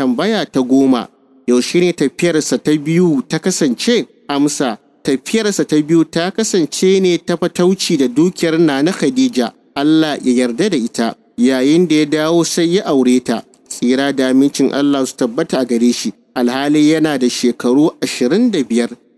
Tambaya ta goma, yaushe ne tafiyarsa ta biyu ta kasance? Amsa, tafiyarsa ta biyu ta kasance ne ta fatauci da dukiyar Nana Khadija, Allah ya yarda da ita, yayin da ya dawo sai ya aure ta, tsira da amincin Allah su tabbata a gare shi, alhali yana da shekaru ashirin da biyar.